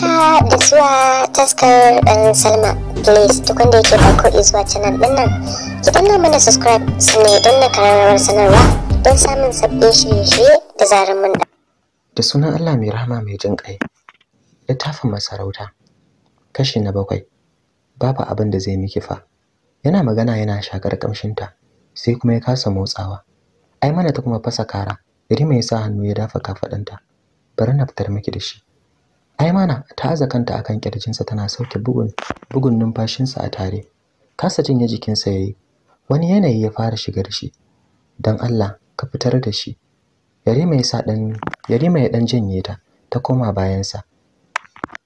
haka ah, da zuwa taskar ɗan um, salma please duk wanda yake farko izuwa canal ɗin nan ki danna mana subscribe sannan don na kararrawar sanarwa don samun sabbin shirye-shirye da zarar mun da da sunan allah mai rahama mai jin ƙai littafin masarauta kashi na bakwai babu abin da zai miki fa yana magana yana shakar kamshinta sai kuma ya kasa motsawa ai mana ta kuma fasa kara iri mai sa hannu ya dafa kafaɗanta bari na fitar miki da shi ai mana ta aza kanta akan kirjinsa tana sauke bugun bugun numfashinsa a tare kasa jin jikinsa yayi wani yanayi ya fara shigar shi dan Allah ka fitar da shi yarima ya sa dan yare mai dan janye ta ta koma bayansa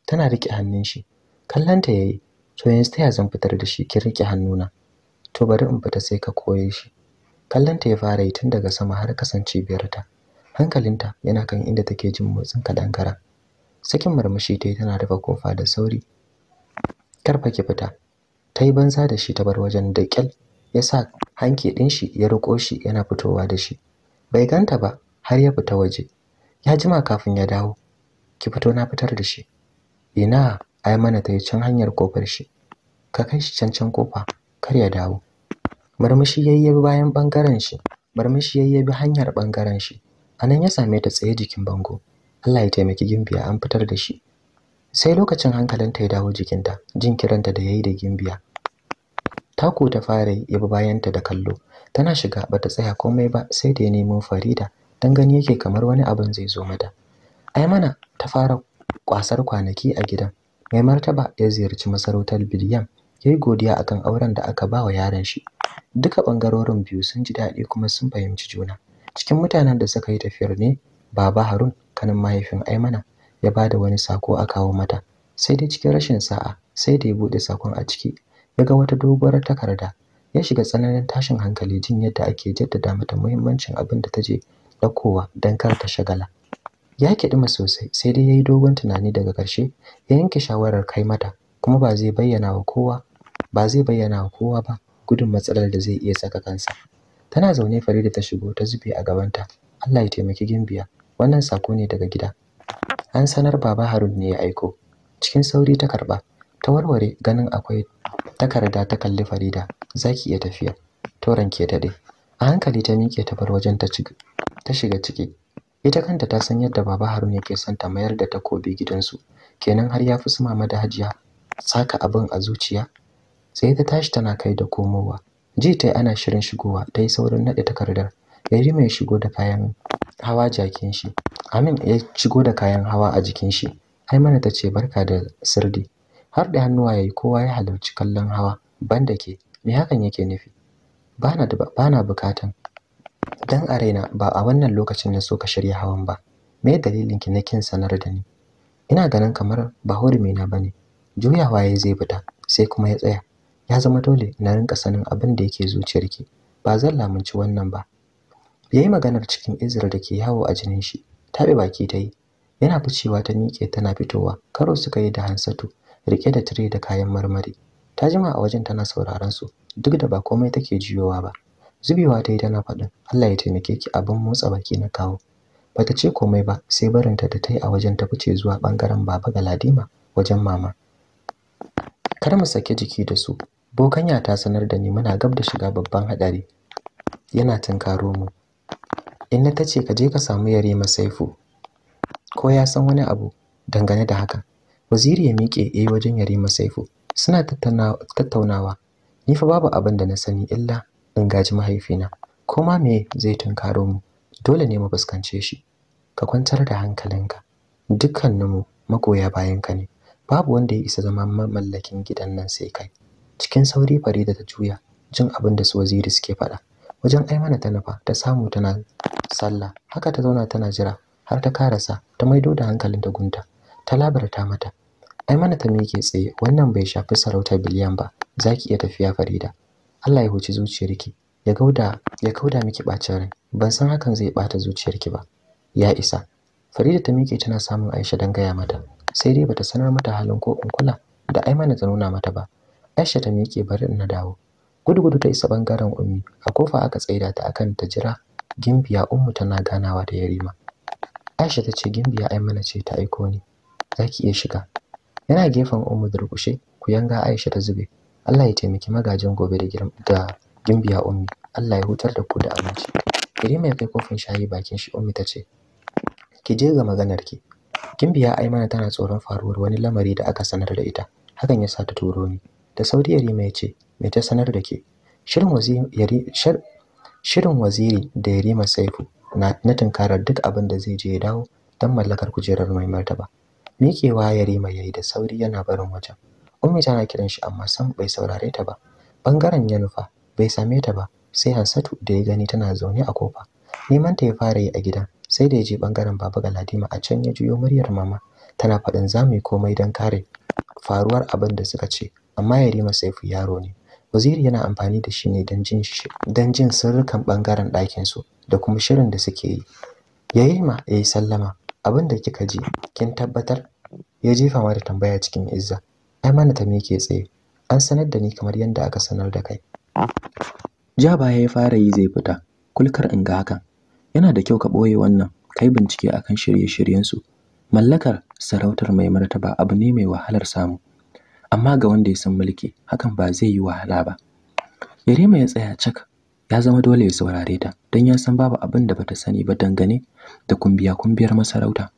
tana rike hannun shi kallanta yayi to yanzu ta zan fitar da shi ki rike hannuna to bari in fita sai ka koye shi kallanta ya fara yi tun daga sama har kasance ta. hankalinta yana kan inda take jin motsin kadankara sakin murmushi ta yi tana rufe kofa da sauri karfa ki fita ta yi banza da shi ta bar wajen da kyal ya sa hanki ɗin shi ya riko shi yana fitowa da shi bai ganta ba har ya fita waje ya jima kafin ya dawo ki fito na fitar da shi ina ai mana ta yi can hanyar kofar shi ka kai shi can can kofa kar ya dawo murmushi yayyabi bayan ɓangaren shi murmushi yayyabi hanyar ɓangaren shi anan ya same ta tsaye jikin bango Allah ya taimaki gimbiya an fitar da shi sai lokacin hankalinta ya dawo jikinta jin kiranta da yayi da gimbiya tako ta fara ya bi bayanta da kallo tana shiga bata tsaya komai ba sai da ya nemo Farida dan gani yake kamar wani abin zai zo mata mana ta fara kwasar kwanaki a gidan mai martaba ya ziyarci masarautar Ya yayi godiya akan auren da aka ba wa yaron shi duka bangarorin biyu sun ji daɗi kuma sun fahimci juna cikin mutanen da suka yi tafiyar ne baba Harun kanin mahaifin Aimana ya ba da wani sako a kawo mata sai dai cikin rashin sa'a sai da ya bude sakon a ciki ya ga wata doguwar takarda ya shiga tsananin tashin hankali jin yadda ake jaddada mata muhimmancin abin da ta je ɗaukowa don kar ta shagala ya kiɗima sosai sai dai ya yi dogon tunani daga ƙarshe ya yanke shawarar kai mata kuma ba zai bayyana wa kowa ba zai bayyana wa kowa ba gudun matsalar da zai iya saka kansa tana zaune Farida ta shigo ta zube a gabanta Allah ya taimaki Gimbiya wannan sako ne daga gida an sanar baba harun ne ya aiko cikin sauri ta karba ta warware ganin akwai takarda ta kalli farida zaki iya tafiya to ke daɗe a hankali ta miƙe ta bar wajen ta shiga ciki ita kanta ta san yadda baba harun yake son ta mayar da takobi gidansu kenan har ya fi su mama da hajiya saka abin a zuciya sai ta tashi tana kai da komowa ji yi ana shirin shigowa ta yi saurin naɗe takardar yarima ya shigo da kayan hawa jakin shi amin ya shigo da kayan hawa a jikin shi mana ta ce barka da sirdi har da hannuwa ya yi kowa ya halarci kallon hawa banda ke me hakan yake nufi bana da bana bukatan dan a raina ba a wannan lokacin na so ka shirya hawan ba me dalilin ki na kin sanar da ni ina ganin kamar ba hurumi na bane juyawa ya zai fita sai kuma ya tsaya ya zama dole na rinka sanin abin da yake zuciyarki ba zan lamunci wannan ba ya yi maganar cikin izar da ke yawo a jinin shi taɓe baki ta yi yana ficewa ta miƙe tana fitowa karo suka yi da hansatu rike da tire da kayan marmari ta jima a wajen tana sauraron su duk da ba komai take jiyowa ba zubewa ta yi tana faɗin allah ya taimake ki abin motsa baki na kawo bata ce komai ba sai barinta da ta yi a wajen ta fice zuwa ɓangaren baba ga Ladima wajen mama kar mu sake jiki da su bokanya ta sanar da ni muna gab da shiga babban haɗari yana tunkaro mu Inna ta ce ka je ka samu Yarima Saifu ko ya san wani abu dangane da haka. Waziri ya miƙe yayi wajen Yarima Saifu. Suna tattaunawa. Ni fa babu abin da na sani illa in gaji mahaifina. Ko ma me zai tunkaro mu? Dole ne mu fuskance shi. Ka kwantar da hankalinka. Dukkaninmu magoya bayanka ne. Babu wanda ya isa zama mallakin gidan nan sai kai. Cikin sauri Farida ta juya jin abin da su waziri suke faɗa. Wajen Aimana ta nufa ta samu tana sallah haka ta zauna tana jira har ta karasa ta maido da hankalin ta gunta ta labarta mata ai mana ta miƙe tsaye wannan bai shafi sarauta biliyan ba za ki iya tafiya farida Allah ya huci zuciyarki ya gauda ya kauda miki bacin rai ban san hakan zai bata zuciyarki ba ya isa farida ta miƙe tana samun aisha dan gaya mata sai dai bata sanar mata halin ko in kula da ai mana ta nuna mata ba aisha ta miƙe bari na dawo gudu-gudu ta isa bangaren ummi a kofa aka tsaida ta akan ta jira Gimbiya Ummu tana ganawa da Yarima. Aisha ta ce Gimbiya Aimana ce ta aiko ni. Za ki iya shiga. Yana gefen Ummu durƙushe, ku yanga Aisha ta zube. Allah ya taimaki magajin gobe da da Gimbiya Ummi. Allah ya hutar da ku da aminci. Yarima ya kai kofin shayi bakin shi Ummi ta ce, Ki je ga maganar ki. Gimbiya ai mana tana tsoron faruwar wani lamari da aka sanar da ita. Hakan ya sa ta turo ni. Da sauri Yarima ya ce, Me ta sanar da ke? Shirin waziri, Shirin Waziri da ya Yarima Saifu na karar duk abin da zai je ya dawo don mallakar kujerar mai martaba. Miƙewa Yarima ya yi da sauri yana barin wajen. Ummi tana kiran shi amma sam bai saurare ta ba. Ɓangaren ya nufa bai same ta ba sai Hansatu da ya gani tana zaune a kofa. Neman ta ya fara yi a gidan sai da ya je bangaren Baba Ladima a can ya juyo muryar mama tana faɗin za mu yi komai don kare faruwar abin da suka ce amma Yarima Saifu yaro ne Waziri yana amfani da shi ne don jin sirrukan ɓangaren ɗakinsu da kuma shirin da suke yi. Ya yi ma ya yi sallama, abin da kika ji, kin tabbatar? Ya jefa da tambaya cikin izza. Ai mana ta ke tsaye, an sanar da ni kamar yadda aka sanar da kai. Ja baya ya fara yi zai fita, kulkar in ga hakan. Yana da kyau ka ɓoye wannan, kai bincike akan shirye-shiryensu. Mallakar sarautar mai martaba abu ne mai wahalar samu. amma ga wanda ya san mulki hakan ba zai yi wahala ba yarima ya tsaya cak ya zama dole ya saurare ta don ya san babu abin da bata sani ba dangane da kumbiya kumbiyar masarauta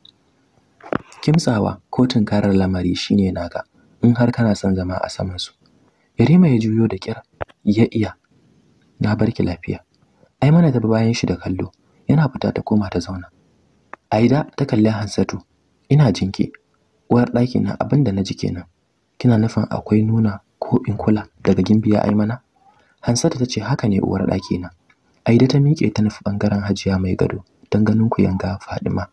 kimtsawa kotun karar lamari shine naka in har kana son zama a saman su yarima ya juyo da kyar ya iya na barki lafiya ai mana ta bayan shi da kallo yana fita ta koma ta zauna aida ta kalli hansatu ina jinki uwar ɗaki na abin da na ji kenan kina nufin akwai nuna ko in kula daga gimbiya aimana mana ta ce haka ne uwar ɗaki na ai da ta miƙe ta nufi ɓangaren hajiya mai gado dan ganin ku yanga fadima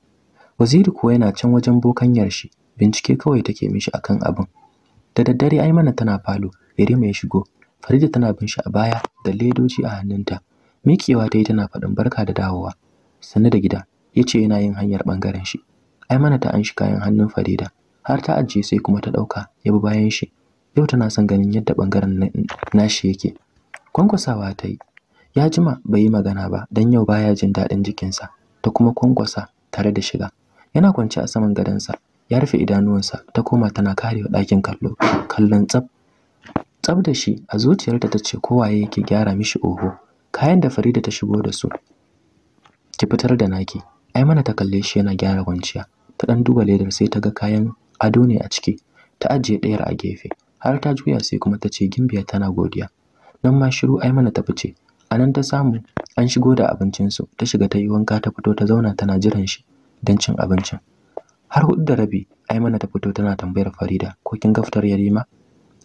waziri kuwa yana can wajen bokanyar shi bincike kawai take mishi akan abin da daddare aimana tana falo iri mai shigo farida tana bin shi a baya da ledoji a hannunta miƙewa ta yi tana faɗin barka da dawowa sannu da gida ya ce yana yin hanyar ɓangaren shi ai mana ta anshi kayan hannun farida har ta ajiye sai kuma ta ɗauka ya bi bayan shi yau tana son ganin yadda ɓangaren nashi yake kwankwasawa ta yi ya jima bai yi magana ba don yau baya jin daɗin jikinsa ta kuma kwankwasa tare da shiga yana kwance a saman gadonsa ya rufe idanuwansa ta koma tana karewa ɗakin kallo kallon tsaf tsaf da shi a zuciyarta ta ce kowaye yake gyara mishi oho kayan da farida ta shigo da su ki fitar da naki ai mana ta kalle shi yana gyara kwanciya ta ɗan duba ledar sai ta ga kayan ado ne a ciki ta ajiye ɗayar a gefe har ta juya sai kuma ta ce gimbiya tana godiya nan ma shiru ai mana ta fice a nan ta samu an shigo da abincinsu ta shiga ta yi wanka ta fito ta zauna tana jiran shi don cin abincin har hudu da rabi ai mana ta fito tana tambayar farida ko kin gaftar yarima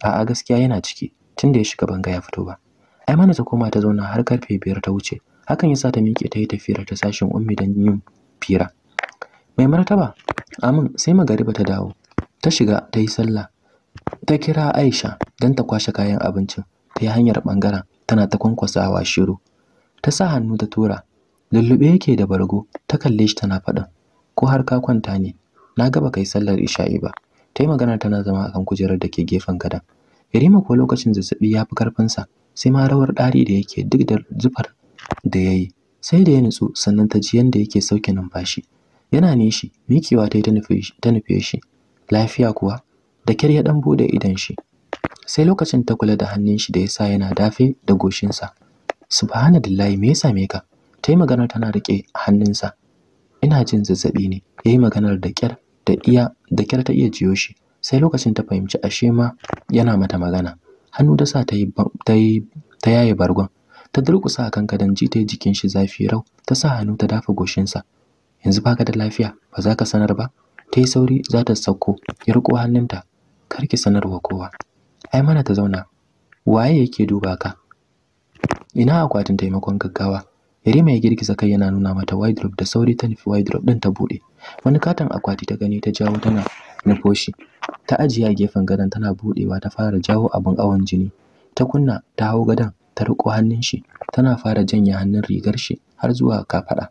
a'a gaskiya yana ciki tunda ya shiga banga ya fito ba ai mana ta koma ta zauna har karfe biyar ta wuce hakan yasa ta miƙe ta yi tafiyar ta sashin ummi don yin fira mai martaba amin sai magariba ta dawo ta shiga ta yi sallah ta kira Aisha don ta kwashe kayan abincin ta yi hanyar ɓangaren tana ta kwankwasawa shiru ta sa hannu ta tura lullube yake da bargo ta kalle shi tana faɗin ko har ka kwanta ne na gaba kai sallar isha'i ba ta yi magana tana zama akan kujerar da ke gefen gadon yarima ko lokacin zazzabi ya fi karfinsa sai ma rawar ɗari da yake duk da zufar da ya yi sai da ya nutsu sannan ta ji yadda yake sauke numfashi yana nishi mikewa ta yi ta nufe shi lafiya kuwa da kyar ya ɗan bude idan shi sai lokacin ta kula da hannun shi da ya sa yana dafe da goshinsa subhanallahi me yasa same ka tayi maganar tana rike hannunsa ina jin zazzabi ne yayi maganar da kyar da iya da kyar ta iya jiyo shi sai lokacin ta fahimci ashe ma yana mata magana hannu da sa ta yi yaye bargon ta durƙusa akan kadan ji ta yi jikin shi zafi rau ta sa hannu ta dafa goshinsa yanzu baka da lafiya ba za ka sanar ba ta yi sauri za ta sauko ya riko hannunta kar ki sanarwa kowa ai mana ta zauna waye yake duba ka ina akwatin taimakon gaggawa Yarima ya girgiza kai yana nuna mata wardrobe da sauri ta nufi wardrobe din ta bude. Wani katon akwati ta gani ta jawo tana nufoshi Ta ajiye a gefen gadon tana budewa ta fara jawo abin awon jini. Ta kunna ta hau gadon ta riko hannun shi tana fara janye hannun rigar shi har zuwa kafada.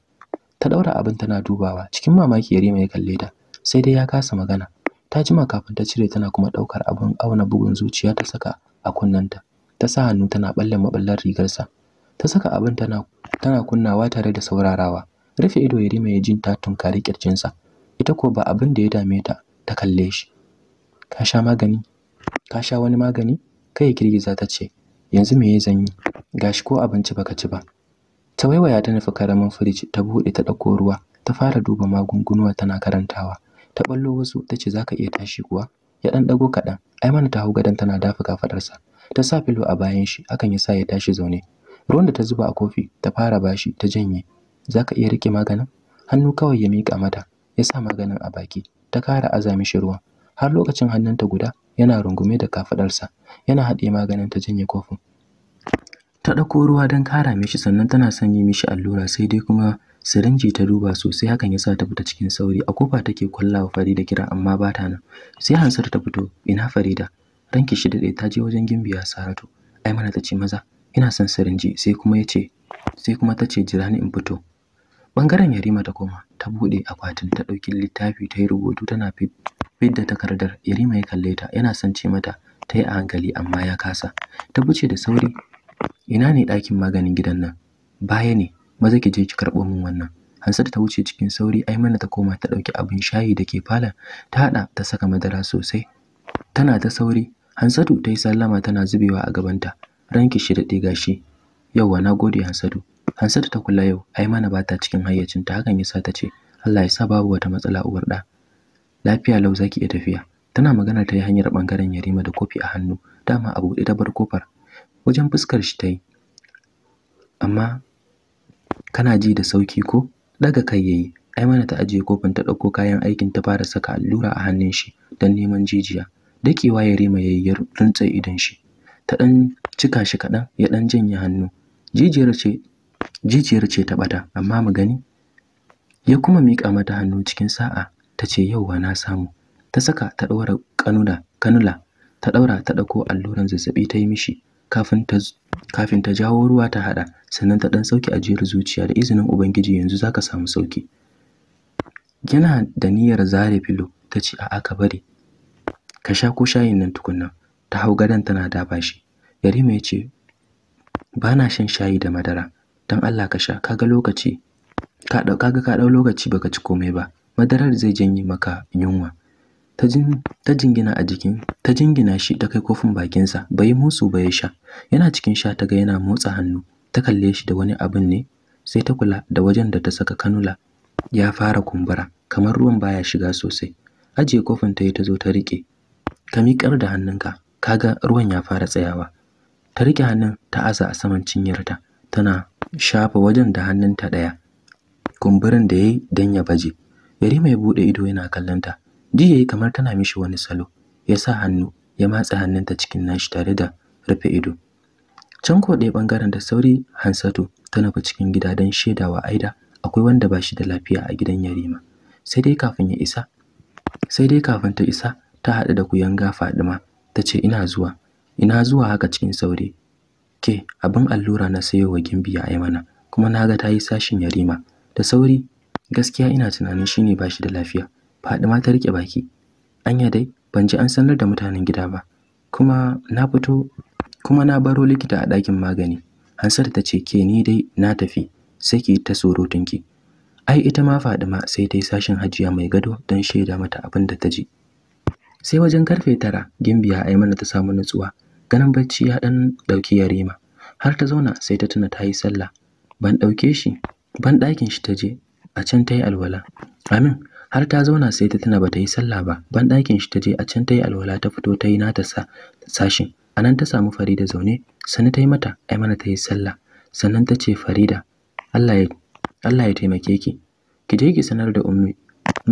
Ta daura abin tana dubawa cikin mamaki Yarima ya kalle ta. sai dai ya kasa magana ta jima kafin ta cire tana kuma ɗaukar abun auna bugun zuciya ta saka a kunnanta ta sa hannu tana balle maballar rigarsa ta saka abin tana tana kunnawa tare da saurarawa rufe ido ya rima ya jin ta tunkari kirjinsa ita ko ba abin da ya dame ta ta kalle shi ka sha magani ka sha wani magani kai girgiza ta ce yanzu me ya zanyi gashi ko abinci baka ci ba ta waiwaya ta nufi karamin firij ta buɗe ta ɗauko ruwa ta fara duba magungunuwa tana karantawa ta ballo wasu ta ce za ka iya tashi kuwa ya ɗan ɗago kaɗan ai mana ta hau gadon tana dafa kafaɗarsa ta sa filo a bayan shi hakan ya sa ya tashi zaune ruwan da ta zuba a kofi ta fara bashi ta janye za ka iya riƙe maganin hannu kawai ya miƙa mata ya sa maganin a baki ta kara aza mishi ruwan har lokacin hannunta guda yana rungume da kafaɗarsa yana haɗe maganin ta janye kofin ta ɗauko ruwa don kara mishi sannan tana sanya mishi allura sai dai kuma Sirinji ta duba sosai hakan yasa ta fita cikin sauri. A kofa take kullawa Farida kira amma ba ta nan. Sai Hansar ta fito, "Ina Farida?" Ranki shi dade ta je wajen Gimbiya Saratu. Ai mana ta ce maza, "Ina son sirinji." Sai kuma yace, sai kuma ta ce jira ni in fito. Bangaren Yarima ta koma, ta bude akwatin ta dauki littafi ta yi rubutu tana fidda takardar. Yarima ya kalle ta, yana son ce mata ta yi a hankali amma ya kasa. Ta buce da sauri, "Ina ne ɗakin maganin gidan nan?" Baya ne, maza ki je ki karɓo min wannan Hansatu ta wuce cikin sauri ai mana ta koma ta ɗauki abin shayi da ke fala ta haɗa ta saka madara sosai tana ta sauri Hansatu ta yi sallama tana zubewa a gabanta ranki shi daɗe gashi yauwa na gode Hansatu Hansatu ta kula yau Aimana ba ta cikin hayyacinta hakan yasa ta ce Allah ya sa babu wata matsala uwar da lafiya lau zaki iya tafiya tana magana ta yi hanyar bangaren Yarima da kofi a hannu dama abu buɗe ta bar kofar wajen fuskar shi ta yi amma kana ji da sauki ko daga kai yayi mana ta ajiye kofin ta dauko kayan aikin ta fara saka allura a hannun shi don neman jijiya dakewa ya rima yayyar rintsa idan shi ta dan cika shi kadan ya dan janye hannu jijiyar ce jijiyar ce ta bata amma mu gani ya kuma mika mata hannu cikin sa'a tace yauwa na samu ta saka ta daura kanula kanula ta daura ta dauko alluran zazzabi ta yi mishi kafin ta kafin jawo ruwa ta haɗa sannan ta ɗan sauki ajiyar zuciya da izinin ubangiji yanzu zaka samu sauki yana da niyyar zare filo ta ce a'a ka bari ka sha ko shayin nan tukunna ta hau gadon tana dafa shi yarima ya ce ba na shan shayi da madara don allah ka sha kaga lokaci ka ga ka dau lokaci baka ci komai ba madarar zai janye maka yunwa ta jingina a jikin ta jingina shi ta kai kofin bakinsa bai musu ba ya sha yana cikin sha ta ga yana motsa hannu ta kalle shi da wani abin ne sai ta kula da wajen da ta saka kanula ya fara kumbura kamar ruwan baya shiga sosai ajiye kofin ta yi ta zo ta rike ka miƙar da hannunka kaga ruwan ya fara tsayawa ta rike hannun ta asa a saman cinyar ta. tana shafa wajen da hannunta ɗaya kumburin da ya yi don ya baje yari mai buɗe ido yana kallonta ji yayi kamar tana mishi wani salo ya sa hannu ya matsa hannunta cikin nashi tare da rufe ido can ko ɗaya ɓangaren da sauri hansatu ta nufi cikin gida don shaidawa aida akwai wanda ba shi da lafiya a gidan yarima sai dai kafin ya isa sai dai kafin ta isa ta haɗu da kuyan gafa ɗuma ta ce ina zuwa ina zuwa haka cikin sauri ke abin allura na sayo wa gimbiya ai mana kuma na ga ta yi sashin yarima da sauri gaskiya ina tunanin shine ba shi da lafiya ma ta riƙe baki. Anya dai ban ji an sanar da mutanen gida ba. Kuma na fito kuma na baro likita a ɗakin magani. Hansar ta ce ke ni dai na tafi sai ki ta surutunki. Ai ita ma Fadima sai ta yi sashin hajiya mai gado don shaida mata abin da ta ji. Sai wajen karfe tara Gimbiya ai mana ta samu nutsuwa. Ganin bacci ya ɗan dauki yarima. Har ta zauna sai ta tuna ta yi sallah. Ban ɗauke shi ban ɗakin shi ta je a can ta yi alwala. Amin har ta zauna sai ta tana bata yi sallah ba ban ɗakin shi ta je a can ta yi alwala ta fito ta yi nata sa sashin a nan ta samu farida zaune sani ta yi mata ai mana ta yi sallah sannan ta ce farida Allah ya Allah ya taimake ki ki je ki sanar da ummi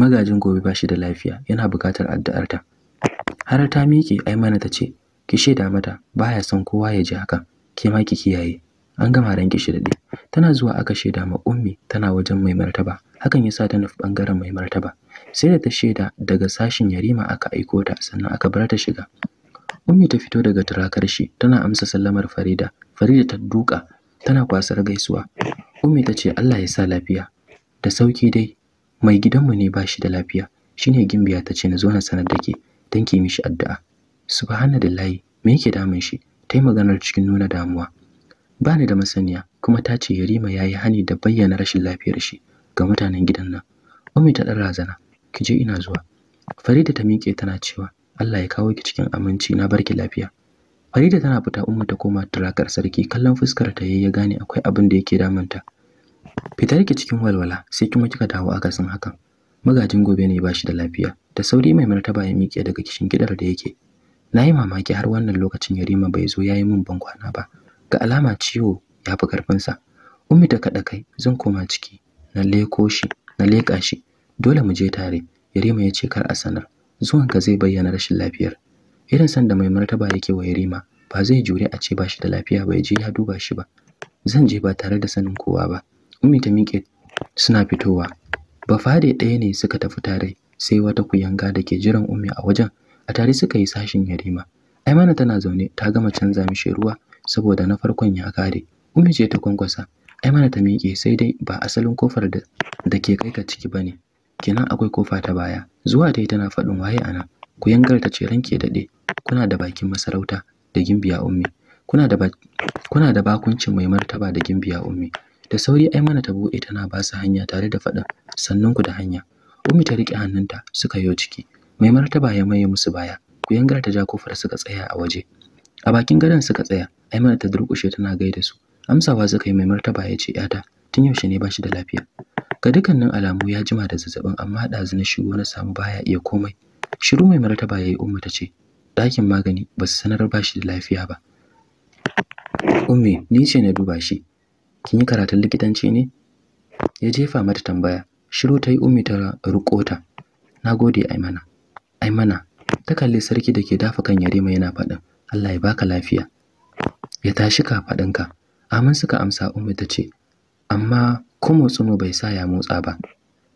magajin gobe ba shi da lafiya yana buƙatar addu'arta har ta miƙe ai mana ta ce ki shaida mata baya son kowa ya ji haka ke ma ki kiyaye an gama ranki shi daɗe tana zuwa aka shaida ma ummi tana wajen mai martaba hakan ya sa ta nufi ɓangaren mai martaba sai da ta shaida daga sashin yarima aka aiko ta sannan aka bar ta shiga ummi ta fito daga turakar shi tana amsa sallamar farida farida ta duka tana kwasar gaisuwa ummi ta ce allah ya sa lafiya da sauki dai mai gidanmu ne ba shi da lafiya shine gimbiya ta ce na zo na sanar da ke don ki mishi addu'a subhanallahi me yake damun shi ta yi maganar cikin nuna damuwa Bani da masaniya kuma ta ce yarima yayi hani da bayyana rashin lafiyar shi ga mutanen gidan nan ummi ta dan razana ki je ina zuwa farida ta miƙe tana cewa Allah ya kawo ki cikin aminci na barki lafiya farida tana fita Ummi ta koma turakar sarki kallon fuskar ta yayi ya gane akwai abin da yake damunta fitar ki cikin walwala sai kuma kika dawo akasin hakan magajin gobe ne bashi da lafiya da sauri mai martaba ya miƙe daga kishin gidar da yake na yi mamaki har wannan lokacin yarima bai zo ya yi min bankwana ba ga alama ciwo ya fi ƙarfinsa ummi ta kaɗa kai zan koma ciki na leko shi na leka shi dole mu je tare yarima ya ce kar a sanar "Zuwan ka zai bayyana rashin lafiyar irin sanda mai martaba yake wa yarima ba zai jure a ce bashi da lafiya ba ya je ya duba shi ba zan je ba tare da sanin kowa ba ummi ta miƙe suna fitowa ba fade ɗaya ne suka tafi tare sai wata kuyanga da ke jiran ummi a wajen a tare suka yi sashin yarima aimana tana zaune ta gama canza mishi ruwa saboda na farkon ya kare ummi ce ta kwankwasa Ai mana ta miƙe sai dai ba asalin kofar da ke kai ka ciki ne. Kenan akwai kofa ta baya. Zuwa dai tana faɗin waye ana. Ku ta ce ranke daɗe. Kuna da bakin masarauta da gimbiya ummi. Kuna da bakuncin mai martaba da gimbiya ummi. Da sauri ai mana ta buɗe tana ba su hanya tare da faɗin sannan ku da hanya. Ummi ta riƙe hannunta suka yo ciki. Mai martaba ya maye musu baya. Ku ta ja kofar suka tsaya a waje. A bakin gadon suka tsaya. ai mana ta durƙushe tana gaida su. amsawa suka yi mai martaba ya ce yata tun yaushe ne ba shi da lafiya ga dukkanin alamu ya jima da zazzabin amma ɗazu na shigo na samu baya iya komai shiru mai martaba ya yi umma ta ce dakin magani ba su sanar ba shi da lafiya ba ummi ni ce na duba shi kin yi karatun likitanci ne ya jefa mata tambaya shiru ta yi ummi ta rukota na gode aimana aimana ta kalli sarki da ke dafa kan yarima yana faɗin allah ya baka lafiya ya tashi ka faɗinka amin suka amsa ummi ta ce amma ko mu bai sa ya motsa ba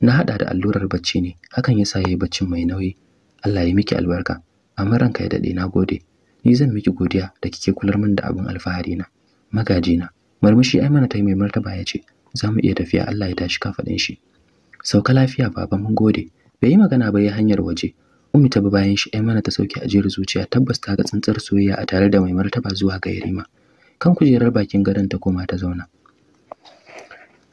na haɗa da allurar bacci ne hakan ya yasa yayi baccin mai nauyi Allah ya miki albarka amma ranka ya dade na gode ni zan miki godiya da kike kular min da abin alfahari na magaji na murmushi mana ta yi mai martaba ya ce za mu iya tafiya Allah ya tashi kafadin shi sauka lafiya baba mun gode bai yi magana ba ya hanyar waje Ummi ta bi bayan shi ai mana ta sauke ajiyar zuciya tabbas ta ga tsantsar soyayya a tare da mai martaba zuwa ga Yarima kan kujerar bakin gadon ta koma ta zauna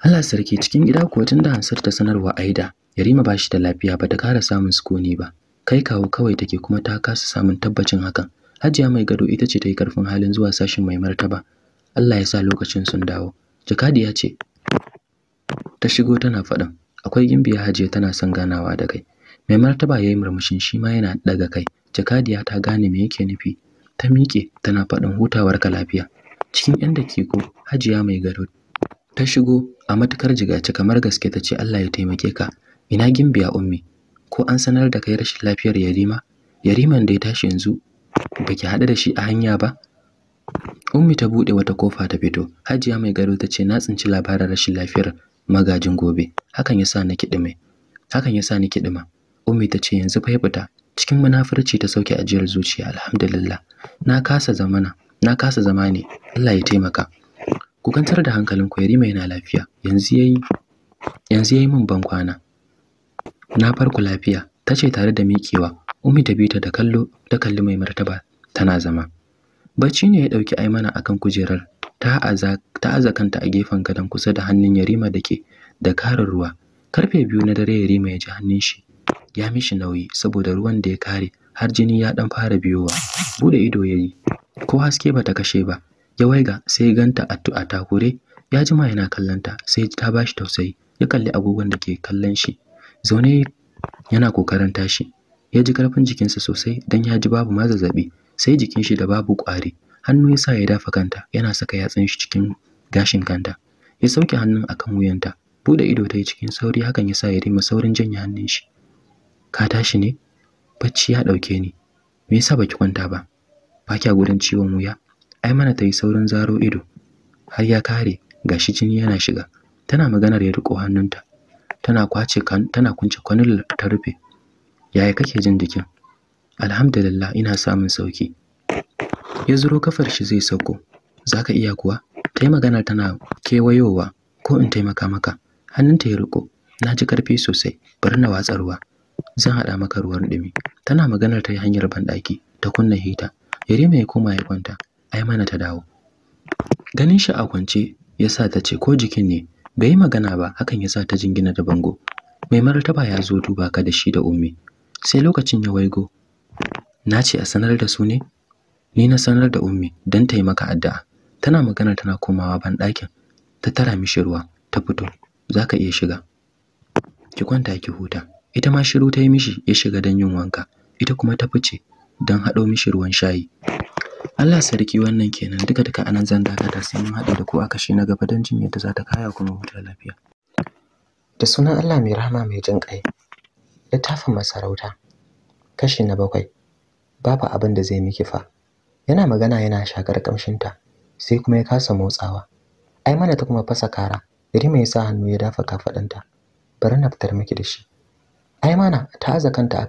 Allah sarki cikin gida kuwa tun da Hansar ta sanarwa Aida Yarima ba shi da lafiya ba ta kara samun sukuni ba kai kawo kawai take kuma ta kasa samun tabbacin hakan Hajiya mai gado ita ce ta yi karfin halin zuwa sashin mai martaba Allah ya sa lokacin sun dawo Jakadi ya ce ta shigo tana faɗin akwai gimbiya Hajiya tana son ganawa da kai mai martaba ya yi murmushin shi ma yana daga kai jakadiya ta gane me yake nufi ta miƙe tana faɗin hutawar ka lafiya Cikin 'yan dakiku Hajiya Mai garo ta shigo a matukar jigace kamar gaske ta ce Allah ya taimake ka. Ina Gimbiya Ummi? Ko an sanar da kai rashin lafiyar Yarima? Yariman da ya tashi yanzu baki haɗu da shi a hanya ba? Ummi ta buɗe wata kofa ta fito. Hajiya Mai garo ta ce na tsinci labarin rashin lafiyar magajin gobe. Hakan ya sa ni kiɗime. Hakan ya sa ni kiɗima. Ummi ta ce yanzu fa ya fita. Cikin munafurci ta sauke ajiyar zuciya alhamdulillah. Na kasa zamana. na kasa zama ne Allah ya taimaka ku kantar da hankalinku Yarima yana lafiya yanzu yayi yanzu yayi min ban kwana na farko lafiya tace tare da mikewa Umi ta bita da kallo ta kalli mai martaba tana zama bacci ne ya dauki Aimana akan kujerar ta aza ta aza kanta a gefen gadon kusa da hannun Yarima dake da karar ruwa karfe biyu na dare Yarima ya ji hannun shi ya mishi nauyi saboda ruwan da ya kare har jini ya dan fara biyowa bude ido yayi ko haske bata kashe ba ya waiga sai ganta a takure ya jima yana kallonta sai ta bashi tausayi ya kalli agogon da ke kallon shi zaune yana kokarin tashi ya ji karfin jikinsa sosai dan ya ji babu ma zazzaɓi. sai jikin shi da babu ƙwari hannu ya sa ya dafa kanta yana saka yatsun shi cikin gashin kanta ya sauke hannun akan wuyanta bude ido ta yi cikin sauri hakan ya sa ya rima saurin janye hannun shi ka tashi ne bacci ya ɗauke ni me yasa baki kwanta ba ba kya gudan ciwon wuya ai mana tayi yi saurin zaro ido har ya kare gashi jini yana shiga tana maganar ya riko hannunta tana kwace kan tana kunce kwanular ta rufe yaya kake jin jikin alhamdulillah ina samun sauki ya zuro kafar shi zai sauko zaka iya kuwa tayi yi magana tana kewayowa ko in taimaka maka hannunta ya riko na ji karfi sosai bari na watsarwa zan haɗa maka ruwan ɗumi tana maganar ta yi hanyar banɗaki ta kunna hita Yarima ya koma ya kwanta. ai mana ta dawo. Ganin shi a kwance ya sa ta ce ko jikin ne bai yi magana ba hakan ya sa ta jingina da bango. Mai martaba ya zo duba ka da shi da ummi. Sai lokacin ya waigo. Na ce a sanar da su ne? Ni na sanar da ummi don ta yi maka addu'a. Tana magana tana komawa ban ɗakin. Ta tara mishi ruwa ta fito. Za ka iya shiga. Ki kwanta ki huta. Ita ma shiru ta yi mishi ya shiga don yin wanka. Ita kuma ta fice don haɗo mishi ruwan shayi Allah sarki wannan kenan duka duka anan zan dakata sai mun haɗu da ku a kashi na gaba don jin yadda za ta kaya kuma huta lafiya da sunan Allah mai rahama mai jin ƙai littafin masarauta kashi na bakwai babu abin da zai miki fa yana magana yana shakar kamshinta sai kuma ya kasa motsawa ai mana ta kuma fasa kara iri mai sa hannu ya dafa kafaɗanta. bari na fitar miki da shi ai mana ta aza kanta